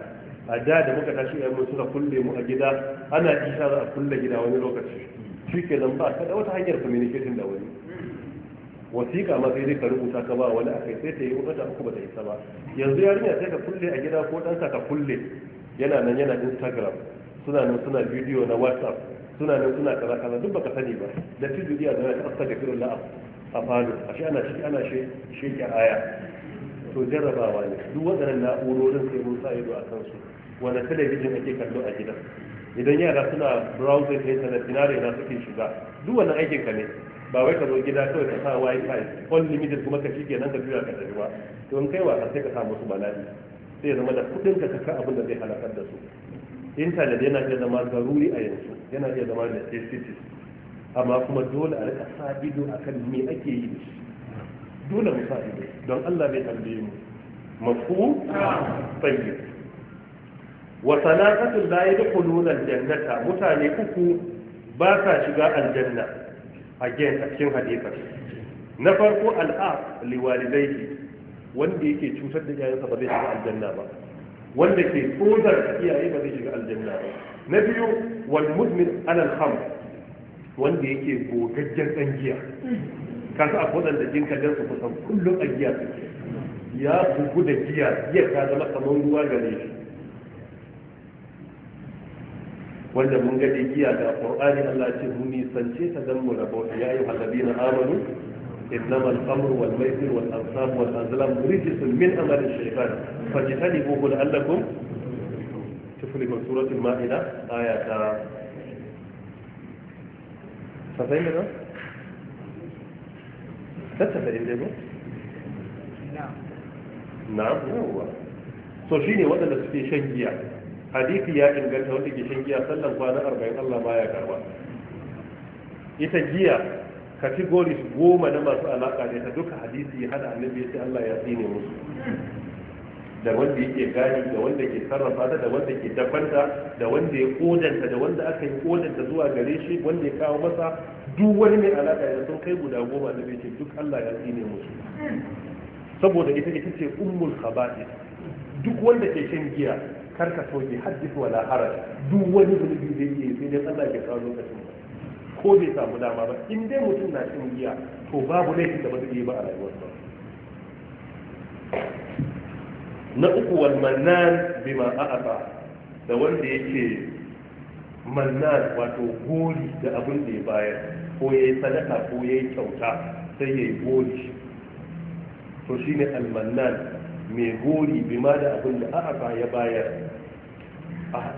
S1: a da da muka tashi a mu suka kulle mu a gida ana isa za a kulle gida wani lokaci shi ke nan ba ka da wata hanyar communication da wani wasiƙa ma sai dai ka rubuta ka ba wani akai sai ta yi wata uku ba ta isa ba yanzu yarinya sai ka kulle a gida ko ɗansa ka kulle yana nan yana instagram suna nan suna bidiyo na whatsapp suna nan suna kaza kaza duk baka sani ba da fi duniya da ta asta gafirun la a falo shi ana shi ana shi shi aya to jarrabawa ne duk waɗannan na'urorin sai mun sa ido a kansu wanda talabijin ake kallo a gida idan yara suna browsing internet ina da ina suke shiga duk wannan aikin ka ne ba wai ka zo gida kawai ka sa wifi unlimited kuma ka shi nan ka juya ka tafi ba to in kai wasa sai ka samu su bala'i sai zama da kudin ka saka abin da zai halakar da su intanet yana iya zama garuri a yanzu yana iya zama da cities amma kuma dole a rika sa ido akan me ake yi da shi dole mu sa ido don Allah bai tambaye mu mafu tayyib wa sana'atul la yadkhuluna al-jannata mutane uku ba sa shiga aljanna again a cikin hadisin na farko al'aq liwalidaihi wanda yake cutar da iyayensa ba zai shiga aljanna ba wanda ke tsotar iyaye ba zai shiga aljanna ba na biyu wal mudmin wanda yake gogaggen dan giya kasa a kodan da jin kallon su kusan kullum a giya suke ya bugu da giya giya ta zama kamar ruwa gare shi wanda mun ga igiya ga qur'ani Allah ya ce mun nisance ta dan mu rabo ya yi halabina amanu innama al-amru wal maisir wal ansab wal azlam rijsun min amali shaytan fajtanibuhu la'allakum tuflihun suratul ma'ida aya ta 70 da tattata inda ne na'am na'am yawa so shine wadanda suke shan giya hadisi ya inganta wanda ke shan giya sallan kwana arba'in Allah baya karba ita giya categories goma na masu alaka da ita duka hadisi ya hada annabi ya ce Allah ya tsine musu da wanda yake gani da wanda ke sarrafa ta da wanda ke dabanta da wanda ya kodanta da wanda aka yi kodanta zuwa gare shi wanda ya kawo masa duk wani mai alaka da sun kai guda goma da bai ce duk Allah ya tsine musu saboda ita ita ce ummul khaba'is duk wanda ke shan giya karka toke haddith wala haraj duk wani zunubi da yake sai dai Allah ya kawo lokacin ba ko bai samu dama ba in dai mutum na cin giya to babu laifin da ba zai yi ba a na uku wal mannan bima a'ata da wanda yake mannan wato gori da abin da ya bayar ko ya yi sadaka ko ya yi kyauta sai ya yi gori to shine al mannan mai gori bima da abin da aka ya bayar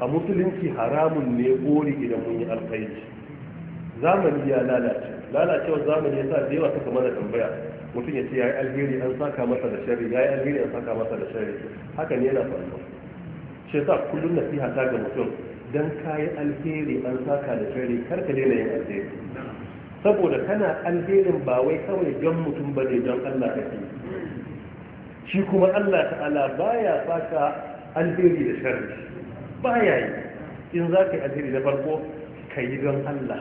S1: a musulunci haramun ne gori idan mun yi alkhairi zamani ya lalace Lalacewa zamani ya sa da yawa suka mana tambaya mutum ya ce ya yi alheri an saka masa da shari ya yi alheri an saka masa da shari haka ne yana faruwa shi sa kullum nasiha ta ga mutum dan ka yi alheri an saka da shari kar ka daina yin alheri saboda kana alherin ba wai kawai don mutum ba ne don allah kake shi kuma Allah ta'ala baya saka alheri da sharri baya yi in za ka yi alheri na farko ka yi don Allah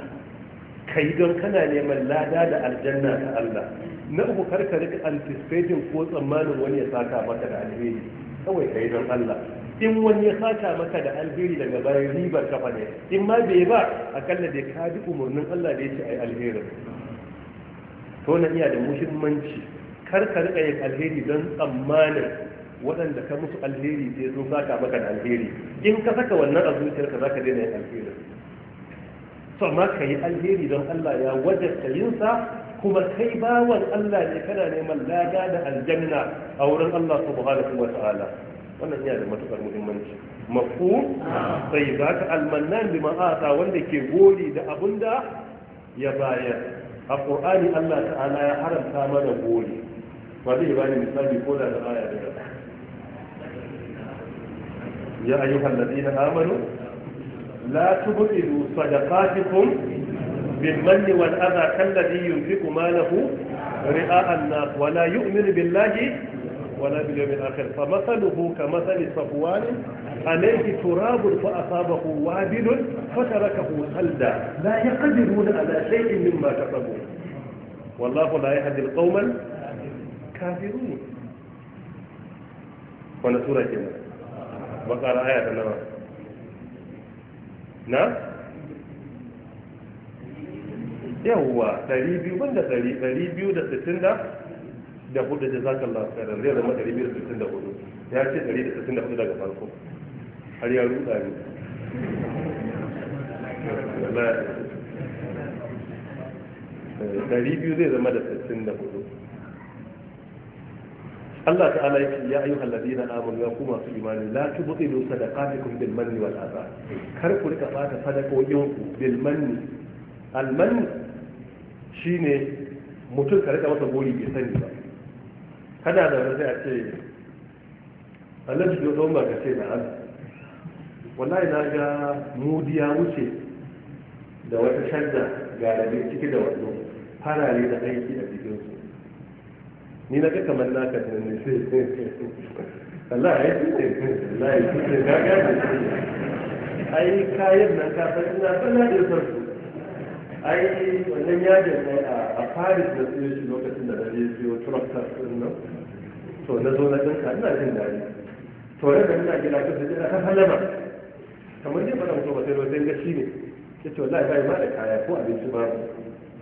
S1: ka yi don kana neman lada da aljanna ta Allah na uku karka rika anticipating ko tsammanin wani ya saka maka da alheri kawai ka yi don Allah in wani ya saka maka da alheri daga bayan ribar kafa ne in ma bai ba akalla dai ka bi umarnin Allah da ya ce ai alherin to na iya da muhimmanci kar ka rika yin alheri don tsammanin waɗanda ka musu alheri sai zo saka maka da alheri in ka saka wannan a zuciyarka za ka daina yin alheri to amma ka yi alheri don Allah ya wajabta yinsa kuma kai bawan Allah ne kana neman laga da aljanna a wurin Allah subhanahu wa ta'ala wannan yana da matukar muhimmanci mafu sai za ka almannan bi ma'ata wanda ke gori da abunda ya bayar a qur'ani Allah ta'ala ya haramta mana gori ba zai مثال misali هذا الآية يا أيها الذين آمنوا لا amanu صدقاتكم بالمن والأذى كالذي ينفق ماله رئاء الناس ولا يؤمن بالله ولا باليوم الآخر فمثله كمثل صفوان عليه تراب فأصابه وابل فتركه خلدا لا يقدرون على شيء مما كسبوا والله لا يهدي القوم kafirun wani sura ke nan bakara aya da nawa na yawwa 200 biyu 260 da hudu da zaka Allah khairan zai zama da hudu. ya ce da hudu daga farko har ya ruda ne eh, dari biyu zai zama da hudu. Allah ta'ala yake ya ayyuhal ladina amanu ya kuma su imani la tubtilu sadaqatikum bil manni wal adha kar ku rika bata sadakokin ku bil manni al manni shine mutum ka rika masa gori bai sani ba Kada da wani sai a ce Allah shi yau ba ka ce da an wallahi na ga mudiya ya wuce da wata shadda ga da cikin da wannan farare da aiki a cikin su ni na ga kamar naka ne ne Allah ya yi ne Allah ya yi ne ga ga ai kayan nan ka san ina sana da san ai wannan ya ne a Paris na tsaye shi lokacin da dare biyo tractor din nan to na zo na dinka ina jin dadi to da ina gina ka da ina kan halama kamar dai fara mutum sai sai da shi ne ke to Allah ya ba da kaya ko abinci ba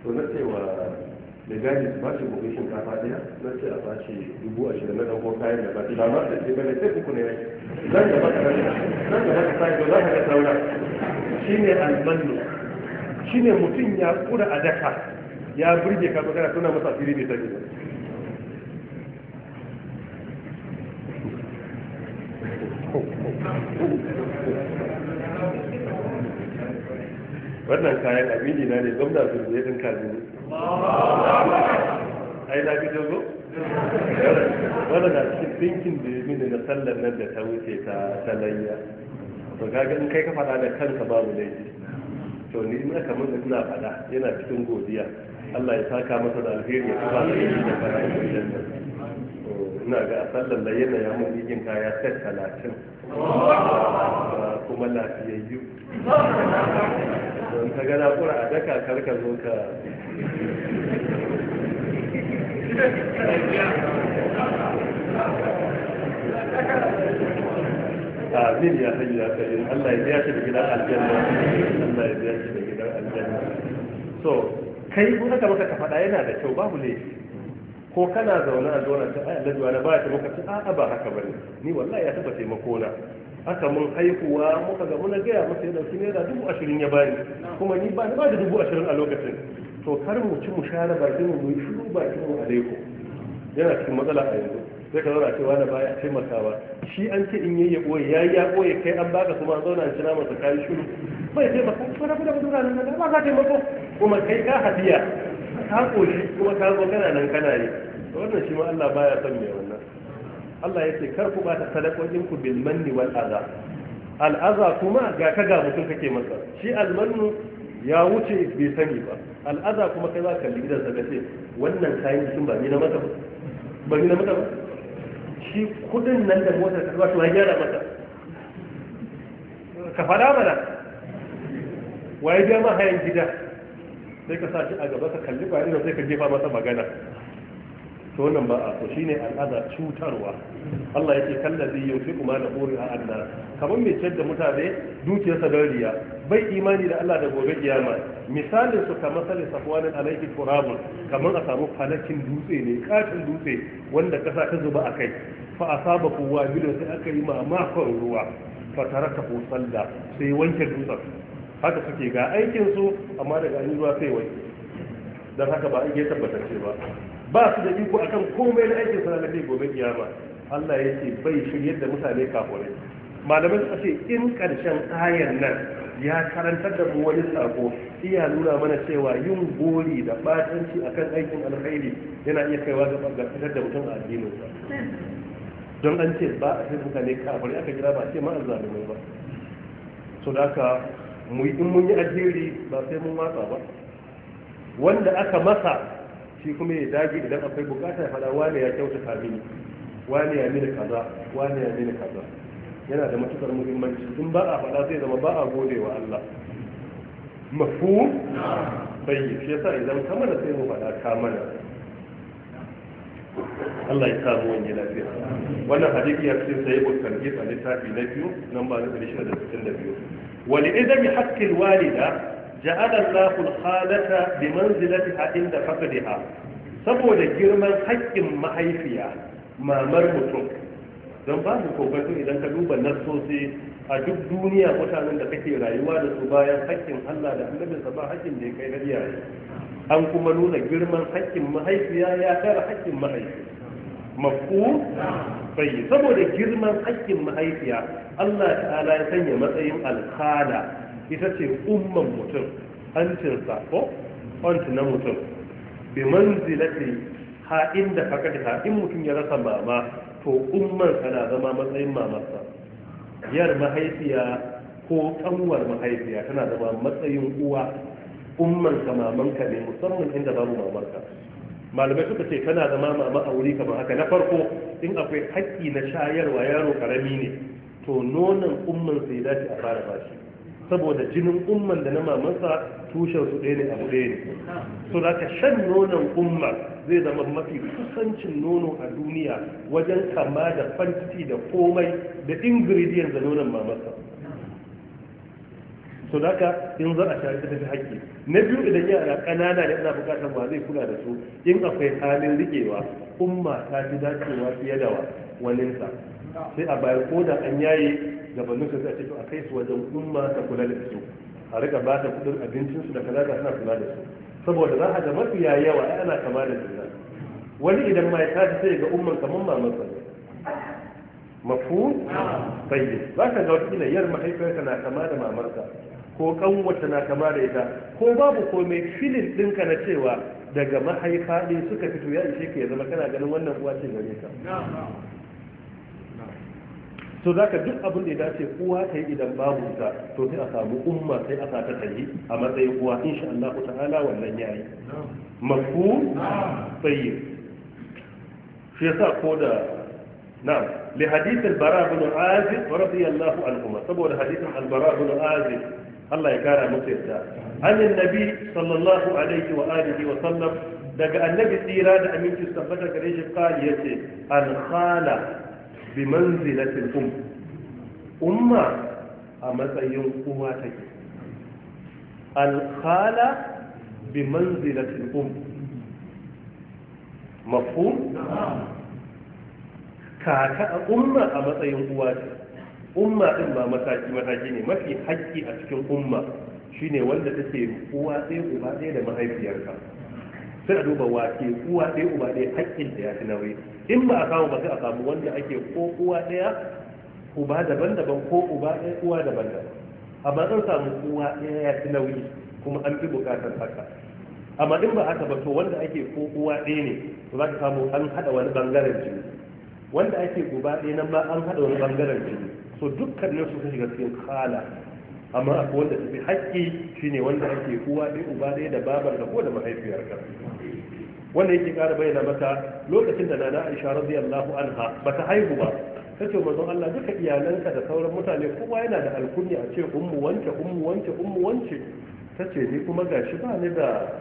S1: to na cewa da gadi su bashi buhun shinkafa ɗaya na ce a bashi dubu ashirin na ɗauko kayan da ba ba ma da ce bane sai uku ne zan gaba ka zan gaba ka sai za ka ga saura shine almanu shine mutum ya kura a daka ya burge ka magana suna masa fili bai sani wannan kayan abinci na ne gwamna su ne ɗin kazini
S2: ai da gidan zo wanda na
S1: cikin dinkin da ya mini na sallar nan da ta wuce ta talayya to kaga in kai ka faɗa da kanka babu laifi to ni ina kamar da ina faɗa yana cikin godiya Allah ya saka masa da alheri ya kuma da yi da fara ina ga a sallar da yana ya mun kaya set talatin kuma lafiyayyu don ta gana kura a daka karka zo ka amin ya sanyi ya sanyi Allah ya biya shi da gidan aljanna Allah ya biya shi da gidan aljanna so kai ko haka maka ka faɗa yana da kyau babu ne ko kana zaune a zaune ta ayyar lajuwa na baya ta maka ce a'a ba haka bane ni wallahi ya taba taimako na haka mun haihuwa muka ga muna gaya masa ya dauki naira dubu ashirin ya bani kuma ni ba ni ba da dubu ashirin a lokacin to kar mu ci mu share bakin mu yi shiru bakin mu alaikum yana cikin matsala a yanzu sai ka zauna ce wani baya a taimakawa shi an ce in yayi ya yayi ya ɓoye kai an baka kuma an zauna a kira masa kayi shiru bai taimaka ko na fada na nan ba ka taimako kuma kai ka hadiya ka koshi kuma ka zo kana nan kana ne wannan shi ma Allah baya son me wannan Allah ya ce kar ku bata sadakokin ku bil manni wal aza. al aza kuma ga ka ga mutum kake masa shi al mannu ya wuce bai sani ba al aza kuma kai za ka kalli gidan sa ce wannan kayan jikin ba ni na mata ba ba ni na mata ba shi kudin nan da motar ka ba shi gyara mata ka fada mana waye ga ma hayan gida sai ka sa shi a gaba ka kalli ba irin sai ka jefa masa magana to wannan ba a to shine al'aza cutarwa Allah yake kallazi yaufi kuma da buri a anna kamar mai ciyar mutane dukiyarsa don riya bai imani da Allah da gobe kiyama misalin su kamar Sale safwan alayhi turabun kamar a samu falakin dutse ne katin dutse wanda kasa ta zuba a kai fa asaba kowa bilin sai aka yi mamakon ruwa fa taraka ko sallah sai wanke dutsen haka suke ga aikin su amma daga an yi ruwa sai wanke dan haka ba a tabbatar ce ba ba su da iko akan komai na aikin sana da gobe kiyama Allah ya ce bai shiryar da mutane kafirai malamai suka ce in karshen ayar nan ya karantar da mu wani sako iya nuna mana cewa yin gori da batanci akan aikin alkhairi yana iya kaiwa ga fitar da mutum a addininsa don an ce ba a sai mutane kafirai aka kira ba ce ma ba so da aka mu in mun yi alheri ba sai mun watsa ba wanda aka masa shi kuma ya dage idan akwai bukata ya fada wane ya kyautata mini wane ya mini kaza wane ya mini kaza yana da matukar muhimmanci in ba a fada zai zama ba a gode wa Allah mafu bayyi shi yasa idan kamar sai mu fada kamar mana Allah ya samu wani lafiya wannan hadisi ya ce sai ibn kalbi a littafi na biyu nan ba da 162 wal idami haqqil walida ja'ala Allahul khalata bi manzilatiha inda faqdiha saboda girman haƙƙin mahaifiya mamar mutum don ba mu kokarin idan ka duba nassosi a duk duniya mutanen da kake rayuwa da su bayan haƙƙin Allah da annabinsa ba haƙƙin da kai na an kuma nuna girman haƙƙin mahaifiya ya tara haƙƙin mahaifi mafu bai saboda girman haƙƙin mahaifiya Allah ta'ala ya sanya matsayin alkhala ita ce umman mutum hancinsa ko hanci na mutum bi manzilati ha inda fakati ha in mutum ya rasa mama to umman na zama matsayin mamarsa yar mahaifiya ko kanwar mahaifiya tana zama matsayin uwa umman ka maman ka ne musamman inda babu mamarka malamai suka ce tana zama mama a wuri kamar haka na farko in akwai haƙƙi na shayarwa yaro karami ne to nonon umman sai dace a fara bashi saboda jinin umman da na mamansa tushen su ɗaya ne a ɗaya ne so da ka shan nonon umma zai zama mafi kusancin nono a duniya wajen kama da fanti da komai da ingredients da nonon mamansa so da ka in za a shari ta fi haƙƙi na biyu idan yara ƙanana ne ana buƙatar ba zai kula da su in akwai halin riƙewa umma ta fi dacewa fiye da wa waninsa sai a bayar ko da an yaye gabanin su a cikin a kai su wajen umma ta kula da su a rika ba ta kudin abincinsu da kaza suna kula da su saboda za a ga yayawa yawa ana kama da juna wani idan ma ya tashi sai ga umman kamar mamansa
S2: ne
S1: mafu sai za ka ga wata yar mahaifiyarka na kama da mamarka ko kanwata na kama da ita ko babu komai filin ɗinka na cewa daga mahaifa ɗin suka fito ya ishe ka ya zama kana ganin wannan uwa ce gare ka to za ka duk abin da ya dace uwa ta yi idan babu ta to sai a samu umma sai a sata ta yi a matsayin uwa insha Allah ta'ala wannan yayi mafu tayyib shi yasa ko da na'am li hadith al-bara bin azib radiyallahu anhu saboda hadithin al-bara bin azib Allah ya kara masa yadda annin nabi sallallahu alaihi wa alihi wa sallam daga annabi tsira da aminci tabbata gare shi kali yace al-khala bi manzilatil um umma a matsayin kuma take alkhala bi manzilatil um mafhum kaka a umma a matsayin uwa ce umma din ba mataki mataki ne mafi haƙƙi a cikin umma shine wanda take uwa ɗaya uba ɗaya da mahaifiyarka sai a duba wace uwa ɗaya uba ɗaya haƙƙin da ya fi nauyi in ba a samu ba sai a samu wanda ake ko uwa ɗaya uba daban-daban ko uba ɗaya uwa daban-daban amma in samu uwa ɗaya ya fi nauyi kuma an fi buƙatar haka amma in ba haka ba to wanda ake ko uwa ɗaya ne to za ka samu an haɗa wani ɓangaren jini wanda ake uba ɗaya nan ma an haɗa wani ɓangaren jini so ne su shiga cikin kala amma akwai wanda su fi haƙƙi shine wanda ake uwa ɗaya uba ɗaya da babar da ko da mahaifiyar ka. wanda yake kara bayyana mata lokacin da nana aisha radiyallahu anha bata haihu ba tace manzon Allah duka iyalanka da sauran mutane kowa yana da alkunya a ce ummu wance ummu wance ummu wance tace ni kuma gashi ba ni da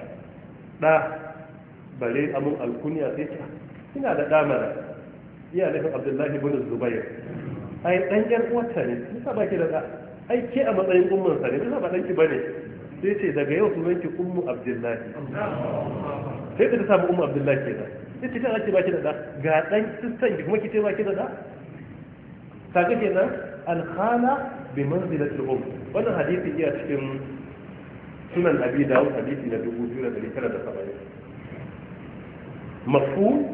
S1: da bare amun alkunya sai ta ina da damara iyalanka Abdullahi ibn Zubair ai dan yar uwarta ne ba baki da da ai ke a matsayin ummun sa ne yasa ba ki bane sai ce daga yau ki ummu Abdullahi sai ta samu umar abdullahi ke da sai ta ake baki da da ga dan sistan ki kuma ki ce baki da da ta ga kenan alkhala bi manzilatil um wannan hadisi iya cikin sunan abi dawud hadisi na 2970 Mafu,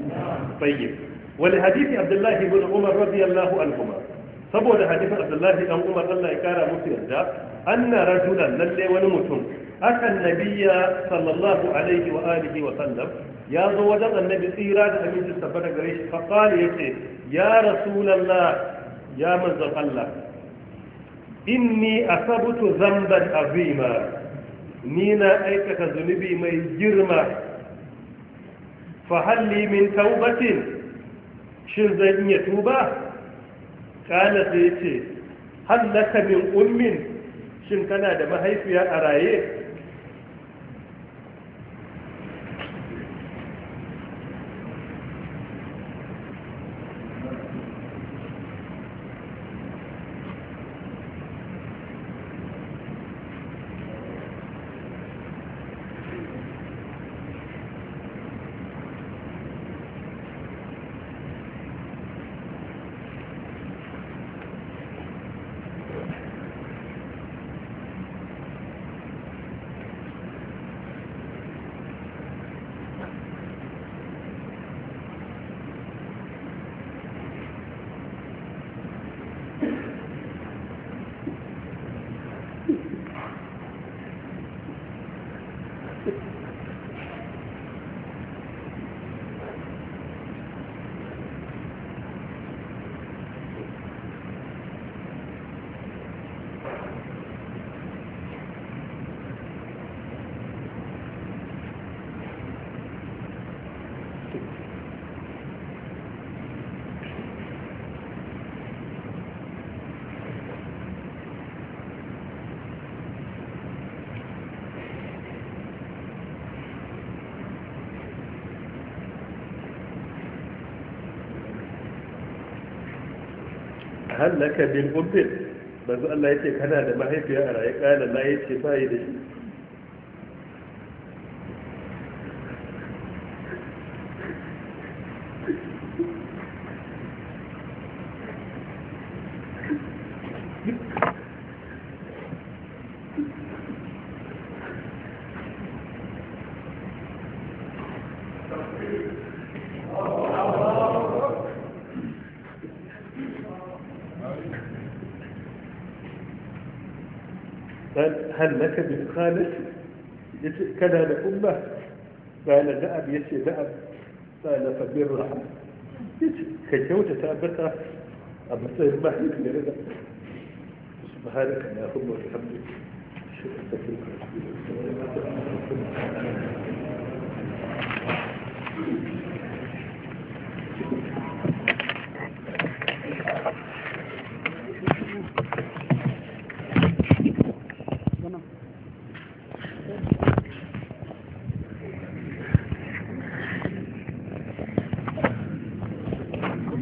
S1: طيب ولحديث عبد الله بن عمر رضي الله عنهما saboda hadisin abdullahi dan umar Allah ya kara musu yarda anna rajulan lalle wani mutum Hakan nabiya sallallahu alaihi wa wa sallam ya zo wajen annabi tsira da aminci sabbar da gare shi faƙali ya ce ya rasulallah ya manzan Allah inni asabutu zamban azima ni na aikata zunubi mai girma fahalli min taubatin shin zan iya tuba kana sai ce hallaka min ummin shin kana da mahaifiya a raye hallaka bin ubbin manzu Allah yake kana da mahaifiya a raye kana la yace bai da shi خالتي كذا لأمة قال نعم يتي نعم قال فمن رحم كجوتة تابتها أما طيب ما هي بلغة سبحانك اللهم وبحمدك
S2: شكرا لك Thank you.